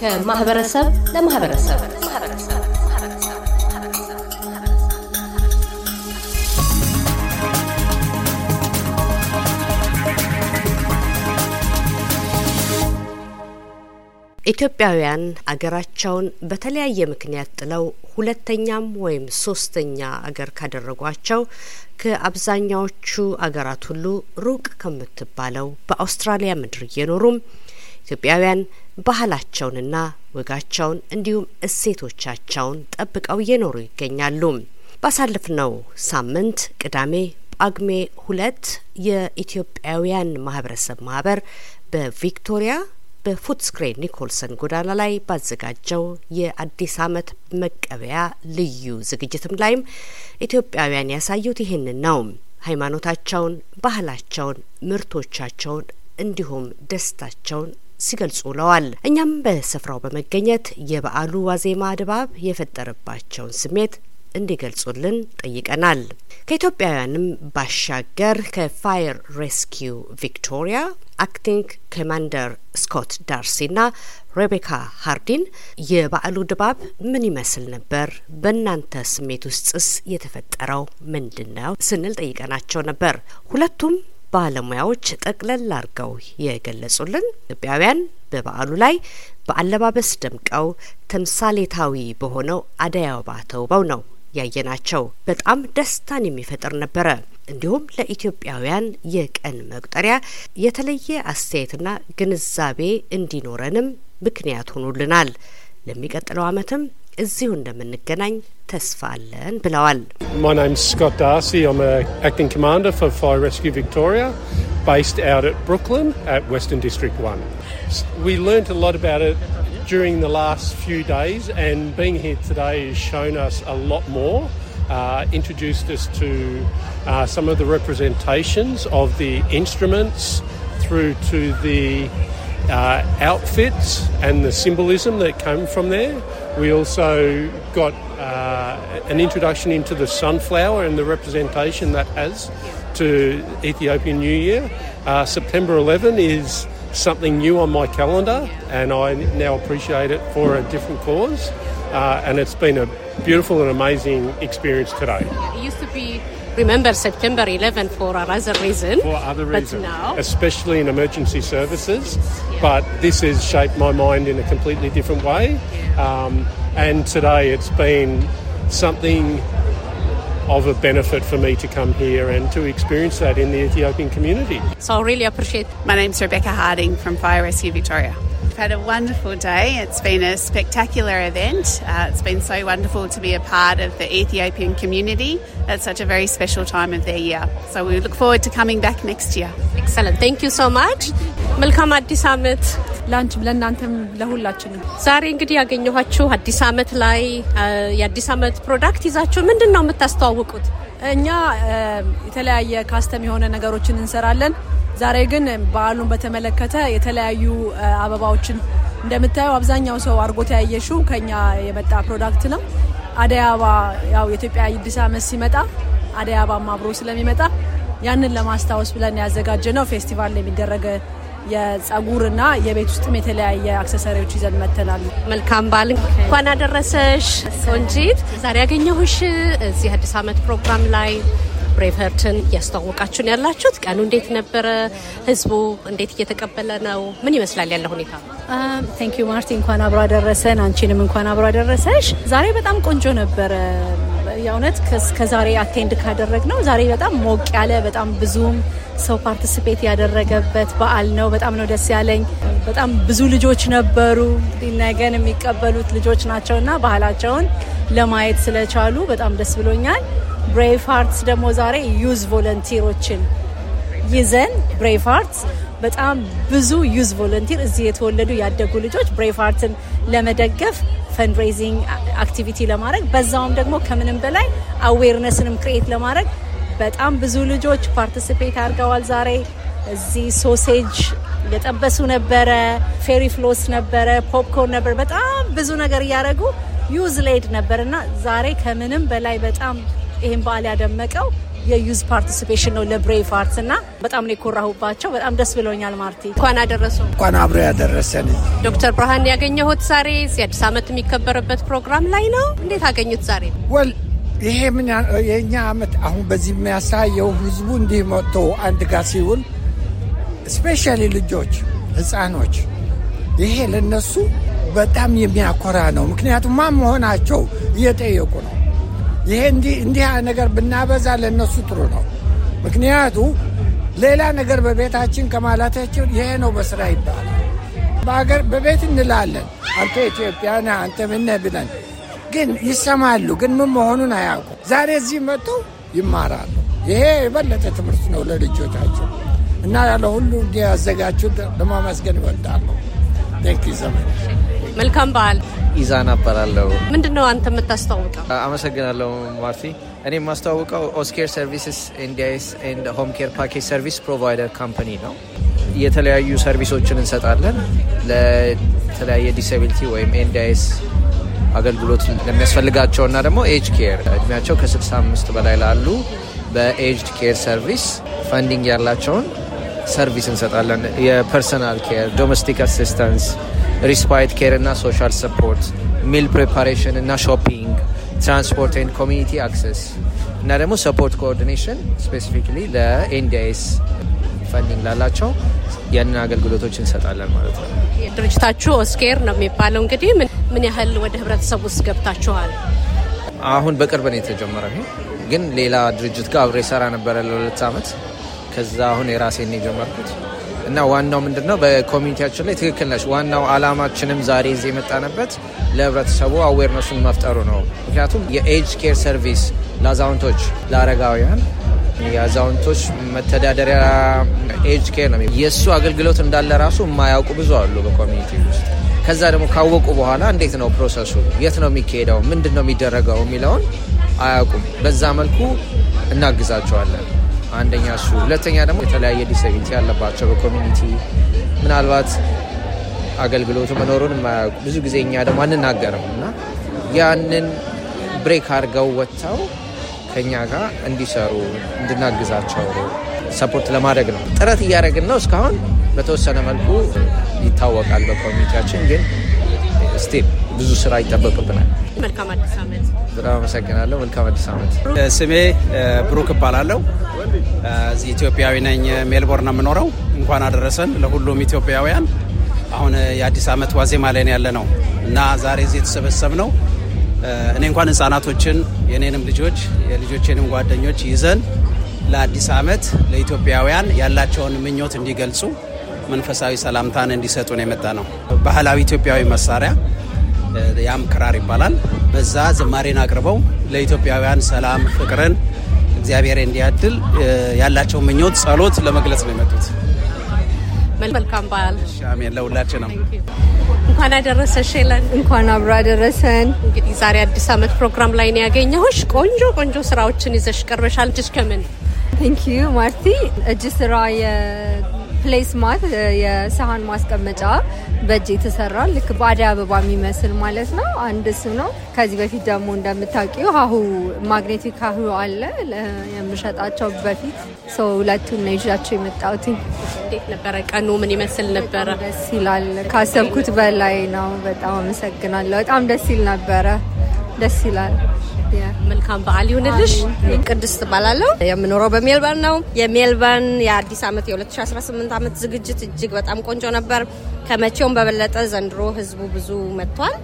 ከማህበረሰብ ለማህበረሰብ ኢትዮጵያውያን አገራቸውን በተለያየ ምክንያት ጥለው ሁለተኛም ወይም ሶስተኛ አገር ካደረጓቸው ከአብዛኛዎቹ አገራት ሁሉ ሩቅ ከምትባለው በአውስትራሊያ ምድር እየኖሩም ኢትዮጵያውያን ባህላቸውንና ወጋቸውን እንዲሁም እሴቶቻቸውን ጠብቀው እየኖሩ ይገኛሉ። ባሳለፍነው ሳምንት ቅዳሜ ጳጉሜ ሁለት የኢትዮጵያውያን ማህበረሰብ ማህበር በቪክቶሪያ በፉትስክሬ ኒኮልሰን ጎዳና ላይ ባዘጋጀው የአዲስ ዓመት መቀበያ ልዩ ዝግጅትም ላይም ኢትዮጵያውያን ያሳዩት ይህንን ነው። ሃይማኖታቸውን፣ ባህላቸውን፣ ምርቶቻቸውን እንዲሁም ደስታቸውን ሲገልጹ ውለዋል። እኛም በስፍራው በመገኘት የበዓሉ ዋዜማ ድባብ የፈጠረባቸውን ስሜት እንዲገልጹልን ጠይቀናል። ከኢትዮጵያውያንም ባሻገር ከፋየር ሬስኪው ቪክቶሪያ አክቲንግ ኮማንደር ስኮት ዳርሲና ሬቤካ ሃርዲን የበዓሉ ድባብ ምን ይመስል ነበር? በእናንተ ስሜት ውስጥስ የተፈጠረው ምንድን ነው? ስንል ጠይቀናቸው ነበር። ሁለቱም ባለሙያዎች ጠቅለል አድርገው የገለጹልን ኢትዮጵያውያን በበዓሉ ላይ በአለባበስ ደምቀው ተምሳሌታዊ በሆነው አደይ አበባ ተውበው ነው ያየ ናቸው። በጣም ደስታን የሚፈጥር ነበረ። እንዲሁም ለኢትዮጵያውያን የቀን መቁጠሪያ የተለየ አስተያየትና ግንዛቤ እንዲኖረንም ምክንያት ሆኑልናል። ለሚቀጥለው ዓመትም እዚሁ እንደምንገናኝ ተስፋ አለን ብለዋል። based out during the last few days, and being here today has shown us a lot more. Uh, introduced us to uh, some of the representations of the instruments through to the uh, outfits and the symbolism that came from there. We also got uh, an introduction into the sunflower and the representation that has to Ethiopian New Year. Uh, September 11 is something new on my calendar, and I now appreciate it for a different cause. Uh, and it's been a beautiful and amazing experience today. it used to be remember September 11 for another reason. For other reasons. Now... Especially in emergency services. Yeah. But this has shaped my mind in a completely different way. Yeah. Um, and today it's been something of a benefit for me to come here and to experience that in the Ethiopian community. So I really appreciate. It. My name's Rebecca Harding from Fire Rescue Victoria. We've had a wonderful day. It's been a spectacular event. Uh, it's been so wonderful to be a part of the Ethiopian community at such a very special time of their year. So we look forward to coming back next year. Excellent. Thank you so much. መልካም አዲስ ዓመት ለአንቺም ለእናንተም ለሁላችንም። ዛሬ እንግዲህ ያገኘኋችሁ አዲስ ዓመት ላይ የአዲስ ዓመት ፕሮዳክት ይዛችሁ ምንድን ነው የምታስተዋውቁት? እኛ የተለያየ ካስተም የሆነ ነገሮችን እንሰራለን። ዛሬ ግን በዓሉን በተመለከተ የተለያዩ አበባዎችን እንደምታየው አብዛኛው ሰው አድርጎት ያየሽው ከኛ የመጣ ፕሮዳክት ነው። አደይ አበባ ያው የኢትዮጵያ አዲስ ዓመት ሲመጣ አደይ አበባም አብሮ ስለሚመጣ ያንን ለማስታወስ ብለን ያዘጋጀ ነው ፌስቲቫል የሚደረገ የጸጉርና የቤት ውስጥም የተለያየ አክሰሰሪዎች ይዘን መተናል። መልካም በዓል እንኳን አደረሰሽ። ሶንጂት። ዛሬ ያገኘሁሽ እዚህ አዲስ ዓመት ፕሮግራም ላይ ብሬቨርትን እያስተዋወቃችሁን ያላችሁት። ቀኑ እንዴት ነበረ? ህዝቡ እንዴት እየተቀበለ ነው? ምን ይመስላል ያለ ሁኔታ? ቴንክ ዩ ማርቲ፣ እንኳን አብሮ አደረሰን። አንቺንም እንኳን አብሮ አደረሰሽ። ዛሬ በጣም ቆንጆ ነበረ። የእውነት ከዛሬ አቴንድ ካደረግ ነው ዛሬ በጣም ሞቅ ያለ በጣም ብዙም ሰው ፓርቲስፔት ያደረገበት በዓል ነው። በጣም ነው ደስ ያለኝ። በጣም ብዙ ልጆች ነበሩ። ነገን የሚቀበሉት ልጆች ናቸውና ባህላቸውን ለማየት ስለቻሉ በጣም ደስ ብሎኛል። ብሬቭ ሃርትስ ደግሞ ዛሬ ዩዝ ቮለንቲሮችን ይዘን ብሬቭ ሃርትስ በጣም ብዙ ዩዝ ቮለንቲር እዚህ የተወለዱ ያደጉ ልጆች ብሬቭ ሃርትን ለመደገፍ ፈንድሬዚንግ አክቲቪቲ ለማድረግ በዛውም ደግሞ ከምንም በላይ አዌርነስንም ክሬት ለማድረግ በጣም ብዙ ልጆች ፓርቲስፔት አድርገዋል። ዛሬ እዚህ ሶሴጅ የጠበሱ ነበረ፣ ፌሪ ፍሎስ ነበረ፣ ፖፕኮርን ነበር። በጣም ብዙ ነገር እያደረጉ ዩዝ ሌድ ነበር እና ዛሬ ከምንም በላይ በጣም ይህም በዓል ያደመቀው የዩዝ ፓርቲሲፔሽን ነው ለብሬቭ አርትስ እና በጣም ነው የኮራሁባቸው። በጣም ደስ ብሎኛል። ማርቲ እንኳን አደረሱ። እንኳን አብሮ ያደረሰን። ዶክተር ብርሃን ያገኘሁት ዛሬ የአዲስ ዓመት የሚከበርበት ፕሮግራም ላይ ነው። እንዴት አገኙት ዛሬ? ወል ይሄ ምን የእኛ አመት አሁን በዚህ የሚያሳየው ህዝቡ እንዲህ መጥቶ አንድ ጋር ሲውል ስፔሻሊ ልጆች፣ ህፃኖች ይሄ ለነሱ በጣም የሚያኮራ ነው። ምክንያቱም ማን መሆናቸው እየጠየቁ ነው ይሄ እንዲህ ነገር ብናበዛ ለነሱ ጥሩ ነው። ምክንያቱ ሌላ ነገር በቤታችን ከማላታችን ይሄ ነው በስራ ይባላል። በአገር በቤት እንላለን አንተ ኢትዮጵያ ነህ አንተ ምነህ ብለን ግን ይሰማሉ፣ ግን ምን መሆኑን አያውቁ። ዛሬ እዚህ መጡ ይማራሉ። ይሄ የበለጠ ትምህርት ነው ለልጆቻቸው እና ያለ ሁሉ እንዲያዘጋጁ ለማመስገን እወዳለሁ። ቴንክ ዘመን መልካም በዓል ኢዛና እባላለሁ። ምንድን ነው አንተ የምታስተዋውቀው? አመሰግናለሁ ማርቲ። እኔ የማስተዋውቀው ኦስኬር ሰርቪስስ ኤንዲይስ ኤንድ ሆም ኬር ፓኬጅ ሰርቪስ ፕሮቫይደር ካምፓኒ ነው። የተለያዩ ሰርቪሶችን እንሰጣለን ለተለያየ ዲስቢሊቲ ወይም ኤንዲይስ አገልግሎት ለሚያስፈልጋቸው እና ደግሞ ኤጅ ኬር እድሜያቸው ከ65 በላይ ላሉ በኤጅድ ኬር ሰርቪስ ፋንዲንግ ያላቸውን ሰርቪስ እንሰጣለን። የፐርሰናል ኬር፣ ዶሜስቲክ አሲስታንስ ሪስፓይት ኬር እና ሶሻል ሰፖርት፣ ሚል ፕሬፓሬሽን እና ሾፒንግ፣ ትራንስፖርት ኤንድ ኮሚኒቲ አክሰስ እና ደግሞ ሰፖርት ኮኦርዲኔሽን ስፔሲፊካሊ ለኤንዲኤስ ፈንዲንግ ላላቸው ያንን አገልግሎቶች እንሰጣለን ማለት ነው። ድርጅታችሁ ኦስኬር ነው የሚባለው። እንግዲህ ምን ያህል ወደ ህብረተሰቡ ውስጥ ገብታችኋል? አሁን በቅርብ ነው የተጀመረ። ግን ሌላ ድርጅት ጋር አብሬ ሰራ ነበረ ለሁለት ዓመት። ከዛ አሁን የራሴን የጀመርኩት እና ዋናው ምንድን ነው በኮሚኒቲያችን ላይ ትክክል ነች። ዋናው አላማችንም ዛሬ እዚህ የመጣንበት ለህብረተሰቡ አዌርነሱን መፍጠሩ ነው። ምክንያቱም የኤጅ ኬር ሰርቪስ ለአዛውንቶች፣ ለአረጋውያን የአዛውንቶች መተዳደሪያ ኤጅ ኬር ነው። የእሱ አገልግሎት እንዳለ ራሱ የማያውቁ ብዙ አሉ በኮሚኒቲ ውስጥ። ከዛ ደግሞ ካወቁ በኋላ እንዴት ነው ፕሮሰሱ፣ የት ነው የሚካሄደው፣ ምንድን ነው የሚደረገው የሚለውን አያውቁም። በዛ መልኩ እናግዛቸዋለን። አንደኛ እሱ፣ ሁለተኛ ደግሞ የተለያየ ዲስቢሊቲ ያለባቸው በኮሚኒቲ ምናልባት አገልግሎቱ መኖሩን ብዙ ጊዜ እኛ ደግሞ አንናገርም እና ያንን ብሬክ አድርገው ወጥተው ከኛ ጋር እንዲሰሩ እንድናግዛቸው ሰፖርት ለማድረግ ነው ጥረት እያደረግን ነው። እስካሁን በተወሰነ መልኩ ይታወቃል በኮሚኒቲያችን ግን ስቲል ብዙ ስራ ይጠበቅብናል። መልካም አዲስ ዓመት። በጣም አመሰግናለሁ። መልካም አዲስ ዓመት። ስሜ ብሩክ እባላለሁ። እዚህ ኢትዮጵያዊ ነኝ። ሜልቦርን ነው የምኖረው። እንኳን አደረሰን ለሁሉም ኢትዮጵያውያን። አሁን የአዲስ ዓመት ዋዜማ ላይ ያለ ነው እና ዛሬ እዚህ የተሰበሰብ ነው። እኔ እንኳን ህጻናቶችን የኔንም ልጆች የልጆቼንም ጓደኞች ይዘን ለአዲስ ዓመት ለኢትዮጵያውያን ያላቸውን ምኞት እንዲገልጹ መንፈሳዊ ሰላምታን እንዲሰጡን የመጣ ነው። ባህላዊ ኢትዮጵያዊ መሳሪያ ያም ክራር ይባላል። በዛ ዝማሬን አቅርበው ለኢትዮጵያውያን ሰላም ፍቅርን እግዚአብሔር እንዲያድል ያላቸው ምኞት ጸሎት ለመግለጽ ነው የመጡት። መልካም በዓል አሜን። ለሁላችን ነው። እንኳን አደረሰሽ ለን እንኳን አብሮ አደረሰን። እንግዲህ ዛሬ አዲስ አመት ፕሮግራም ላይ ነው ያገኘሁሽ። ቆንጆ ቆንጆ ስራዎችን ይዘሽ ቀርበሻል። ጅስ ከምን ቴንኪዩ ማርቲ እጅ ስራ ፕሌስ ማት የሰሃን ማስቀመጫ በእጅ የተሰራ ልክ ባዳ አበባ የሚመስል ማለት ነው። አንድ እሱ ነው። ከዚህ በፊት ደግሞ እንደምታውቂው ሀሁ ማግኔቲክ ሀሁ አለ የምሸጣቸው በፊት ሰው ሁለቱን ነው ይዣቸው የመጣሁት። እንዴት ነበረ ቀኑ? ምን ይመስል ነበረ? ደስ ይላል። ካሰብኩት በላይ ነው። በጣም አመሰግናለሁ። በጣም ደስ ይል ነበረ። ደስ ይላል። መልካም በዓል ይሁንልሽ። ቅድስት ትባላለሁ። የምኖረው በሜልበርን ነው። የሜልበርን የአዲስ ዓመት የ2018 ዓመት ዝግጅት እጅግ በጣም ቆንጆ ነበር። ከመቼውም በበለጠ ዘንድሮ ህዝቡ ብዙ መጥቷል።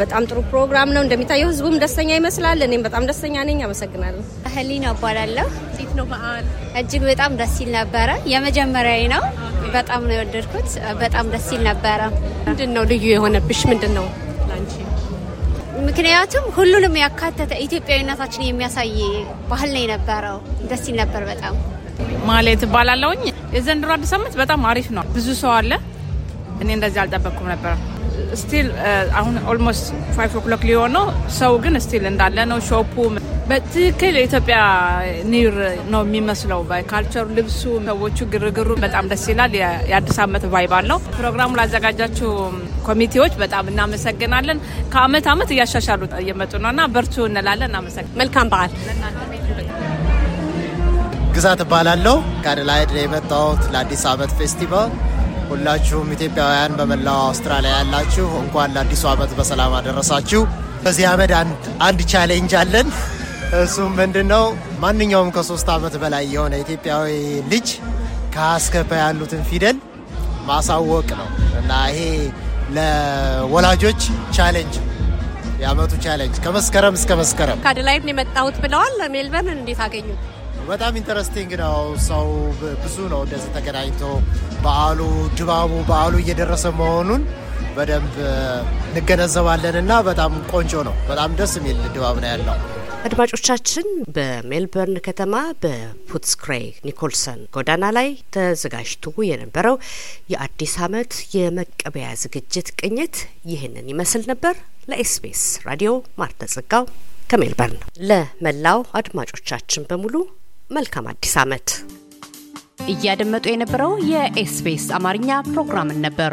በጣም ጥሩ ፕሮግራም ነው። እንደሚታየው ህዝቡም ደስተኛ ይመስላል። እኔም በጣም ደስተኛ ነኝ። አመሰግናለሁ። ህሊና እባላለሁ። እንዴት ነው በዓል? እጅግ በጣም ደስ ይል ነበረ። የመጀመሪያዊ ነው። በጣም ነው የወደድኩት። በጣም ደስ ይል ነበረ። ምንድን ነው ልዩ የሆነብሽ? ምንድን ነው ምክንያቱም ሁሉንም ያካተተ ኢትዮጵያዊነታችን የሚያሳይ ባህል ነው የነበረው። ደስ ይል ነበር በጣም ማለት ባላለውኝ የዘንድሮ አዲስ ዓመት በጣም አሪፍ ነው። ብዙ ሰው አለ። እኔ እንደዚህ አልጠበቅኩም ነበር። ስቲል አሁን ኦልሞስት ፋይቭ ኦክሎክ ሊሆን ነው። ሰው ግን ስቲል እንዳለ ነው። ሾፑ በትክክል የኢትዮጵያ ኒር ነው የሚመስለው። በካልቸሩ ልብሱ፣ ሰዎቹ፣ ግርግሩ በጣም ደስ ይላል። የአዲስ ዓመት ቫይብ አለው። ፕሮግራሙ ላዘጋጃችሁ ኮሚቴዎች በጣም እናመሰግናለን። ከአመት አመት እያሻሻሉ እየመጡ ነው እና በርቱ እንላለን። እናመሰግናለን። መልካም በዓል። ግዛት እባላለሁ። ከአደላይድ የመጣሁት ለአዲስ አመት ፌስቲቫል። ሁላችሁም ኢትዮጵያውያን በመላው አውስትራሊያ ያላችሁ እንኳን ለአዲሱ አመት በሰላም አደረሳችሁ። በዚህ አመድ አንድ ቻሌንጅ አለን። እሱም ምንድን ነው? ማንኛውም ከሶስት አመት በላይ የሆነ ኢትዮጵያዊ ልጅ ከአስከፈ ያሉትን ፊደል ማሳወቅ ነው እና ይሄ ለወላጆች ቻሌንጅ የአመቱ ቻሌንጅ ከመስከረም እስከ መስከረም ከአደላይድ የመጣሁት ብለዋል። ሜልበርን እንዴት አገኙት? በጣም ኢንተረስቲንግ ነው። ሰው ብዙ ነው እንደዚህ ተገናኝቶ በዓሉ ድባቡ በዓሉ እየደረሰ መሆኑን በደንብ እንገነዘባለን እና በጣም ቆንጆ ነው። በጣም ደስ የሚል ድባብ ነው ያለው። አድማጮቻችን በሜልበርን ከተማ በፑትስክሬ ኒኮልሰን ጎዳና ላይ ተዘጋጅቶ የነበረው የአዲስ ዓመት የመቀበያ ዝግጅት ቅኝት ይህንን ይመስል ነበር። ለኤስቢኤስ ራዲዮ ማርተ ጽጋው ከሜልበርን። ለመላው አድማጮቻችን በሙሉ መልካም አዲስ ዓመት። እያደመጡ የነበረው የኤስቢኤስ አማርኛ ፕሮግራምን ነበር።